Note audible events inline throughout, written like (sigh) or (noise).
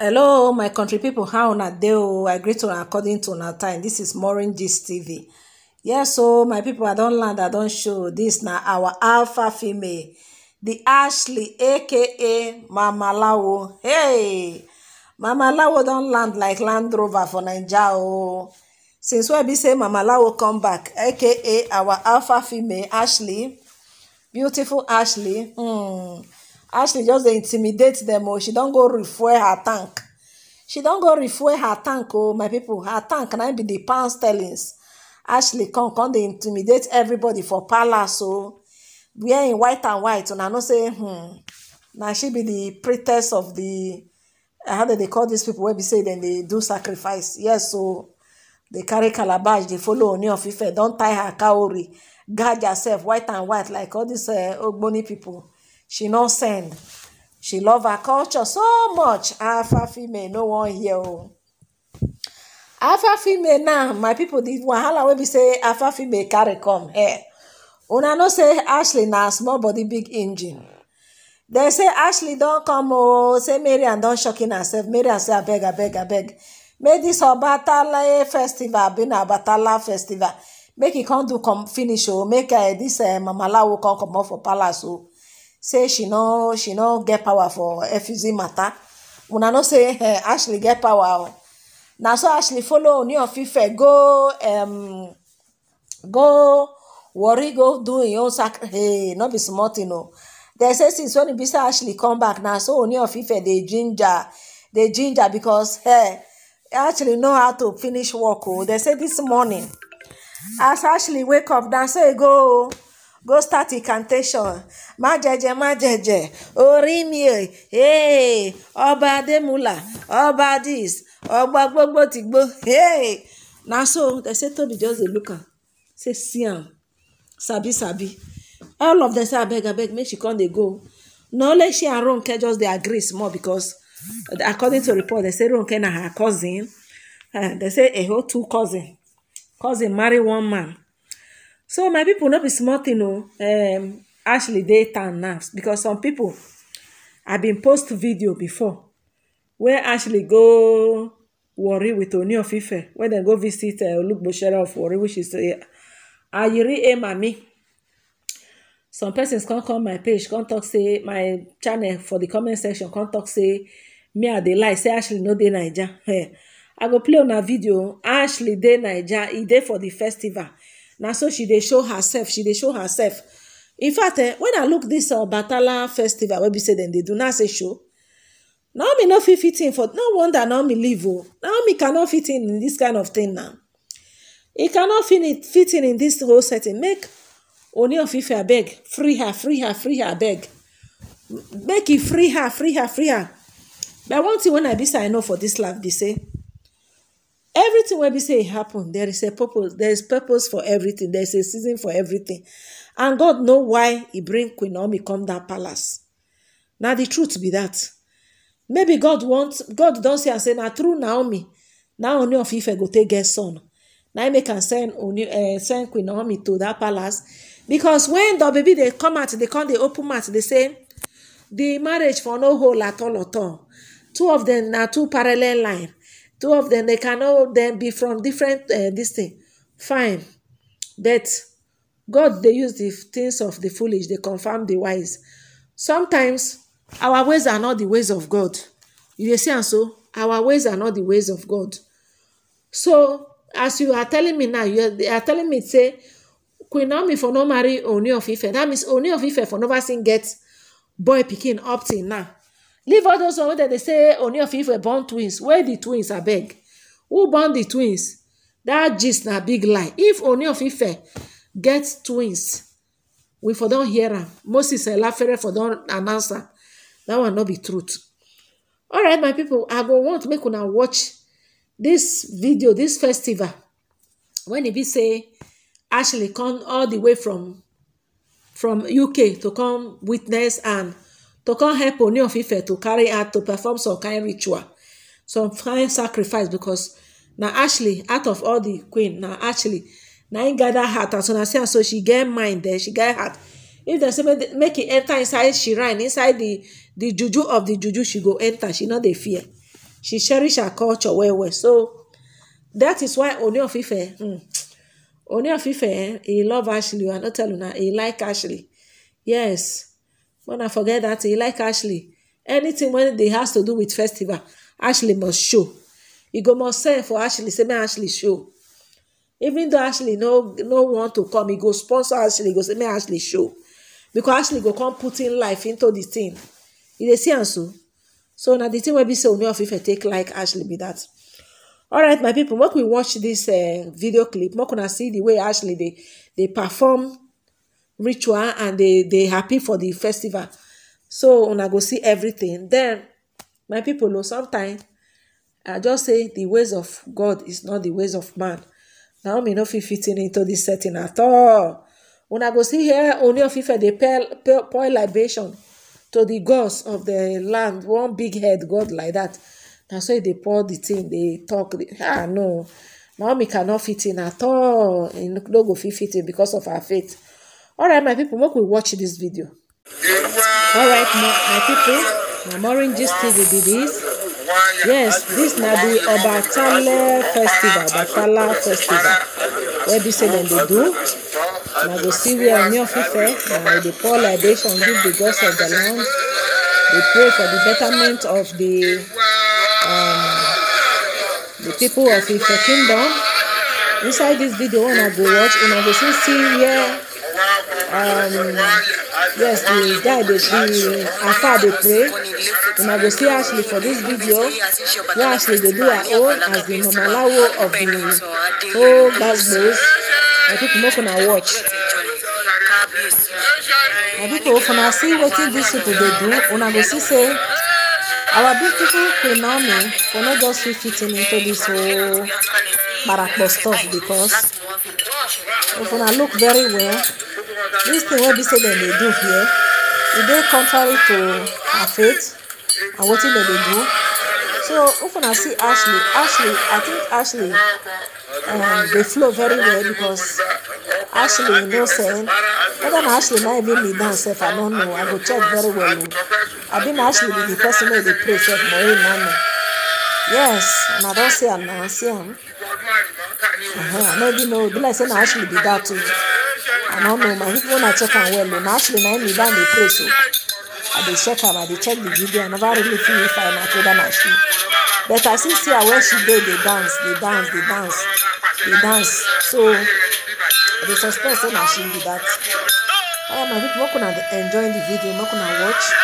hello my country pipo how una dey o i greet una according to una time dis is morin gist tv yes So my pipo i don land i don show this na our alpha female the ashley aka mama lawo hey mama lawo don land like land rover for naija o since wey be say mama lawo come back aka our alpha female ashley beautiful ashley hmm ashley just dey intimidate them, oh she don't go refuel her tank she don't go refuel her tank oh my people. her tank can I be the pound sterlings ashley come come they intimidate everybody for palace oh are in white and white I know say hmm Now she be the pretest of the uh, how do they call these people? Where we say then they do sacrifice yes so oh. they carry calabash They follow oni of ife Don't tie her cowrie guard yourself, white and white like all dis uh, ogboni people. she no send she love her culture so much alpha female no wan hear oh. alpha female now my people the wahala wey be say female carry come here eh? una know say ashley na small body big engine dem say ashley don come oo oh. say marian don shockin hersef marian say abeg abeg abeg make dis obatala eh, festival be na obatala festival make e kon do finish o oh. make dis eh, mamalawu come comot for palace o say she no she no get power for efcc matter una no say eh, ashley get power na so ashley follow oni of ife go um, go worry go do im e own sacrifice eh, hey no be small thing o dem say since when e be say ashley come back na so oni of ife dey ginger dey ginger because hey, eh, actually know how to finish work o dem say this morning as ashley wake up na so e go o go start incantation májẹjẹ májẹjẹ orí mi ẹ hey, ọba adémúlà ọba dis ọba gbogbo ti gbó hey. na so they say tobi just dey look am say see am sabi sabi all of them say abeg abeg make she come dey go na only she and ronke just dey agree small because according to report they say ronke na her cousin uh, they say eho two cousin cousin marry one man so my people not be small thing o oh, um, actually they turn nerves because some people i been post video before where actually go worry with oni of ife when they go visit uh, olugbosere of worry, which is a uh, ayiri emami some persons can't come my page can't talk say my channel for the comment section can't talk say me are dey lie say actually no dey naija hey, (laughs) eh, i go play on a video Actually, dey naija He dey for the festival na so she dey show herself she dey show herself in fact eh when i look this dis uh, obatala festival wey be say dem dey do na say show naomi no fit fit in for no wonder naomi leave o oh. naomi cannot fit in in this kind of thing now He cannot fit in in this whole setting make oni of ife abeg free her free her free her abeg make he free her free her free her but one thing wey i be say i know for this life be say everything wey we say it happen there is a purpose there is purpose for everything there is a season for everything and god know why He bring queen naomi come that palace Now the truth be that maybe god want god don't say and say na through naomi na only of I go take get son na I make am send eh, send queen naomi to that palace because when the baby they come out they come they open mouth they say the marriage for no hole at all at all two of them are two parallel line two of them they cannot then be from different uh, this thing fine but god they use the things of the foolish they confirm the wise sometimes our ways are not the ways of god you see and so our ways are not the ways of god so as you are telling me now you are, they are telling me say queen naomi for no marry oni of ife that means oni of ife for never seen get boy picking up till now leave all those on that they say only of are born twins where the twins big, who born the twins That just na big lie if only of ife get twins we for don't hear am moses elafere for do announce answer. That one not be truth alright my people, i go want make una watch this video this festival When it be say ashley come all the way from from uk to come witness and to come help oni of Ife to carry out to perform some kind ritual some kind sacrifice because na Ashley out of all the queen na Ashley na im gather heart as una see am so she get mind then she get heart if dem say make make e enter inside shrine inside the the juju of the juju she go enter she no dey fear she cherish her culture well well so that is why oni of Ife hmm, Ooni of Ife eh, he love Ashley i no tell una he like Ashley yes When I forget that, he like Ashley. Anything when they has to do with festival, Ashley must show. You go must send for Ashley, say, may Ashley show. Even though Ashley no no want to come, he go sponsor Ashley, he go say, may Ashley show. Because Ashley go come putting life into the thing. He dey see am so? So now the thing wey be say Ooni if I take like Ashley be that. Alright my people, What we watch this uh, video clip, can I see the way Ashley they they perform ritual and they they happy for the festival so una go see everything then my people know sometimes i just say the ways of god is not the ways of man Now me no fit fitting into this setting at all una go see here only of they dey pour libation to the gods of the land one big head god like that That's so they pour the thing They talk ah no naomi cannot fit in at all no go fit fit in because of her faith All right, my people make we watch this video All right, my people na Maureen Gist TV be this yes this now the Obatala festival Obatala festival wey be say dem dey do na go see where Ooni of Ife na dey pour libation give the gods of the land dey pray for the betterment of the um, the people of Ife kingdom inside this video when I go watch I go see see where um, yes the guy dey the afa dey pray una go see ashley for this video wey ashley dey do her own as the mamalawo of the whole gbazgbos i think make una watch my people if una see what these people They do una go see say our beautiful queen naomi for no just fit fitting into this whole parapet stuff because oh, if una look very well This thing wey be say dem dey do here e dey contrary to her faith and wetin dem dey do so if una see ashley ashley i think ashley um, dey flow very well because ashley no send whether na ashley na even lead down sef i no know i go check very well o abi na ashley be the person wey dey pray sef but e no know yes una don see am na see am uh -huh. i no even know e be like say na ashley be that too? i don't know my when i check am well o actually na im lead am dey so i dey check am i dey check the video i never really fit if i na whether na she but i see see her when she dey dey dance dey dance dey dance dey dance so i dey suspect say na she be that. Alright my people, make una enjoy the video, make una watch.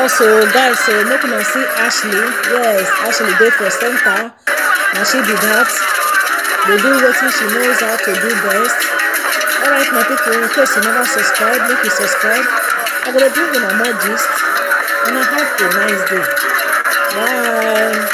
also guys so make una see ashley yes ashley dey for center na she be that. dey do wetin she knows how to do best alright my pipo in case you never subscribe make you subscribe i go dey bring una more gist una have a nice day bye.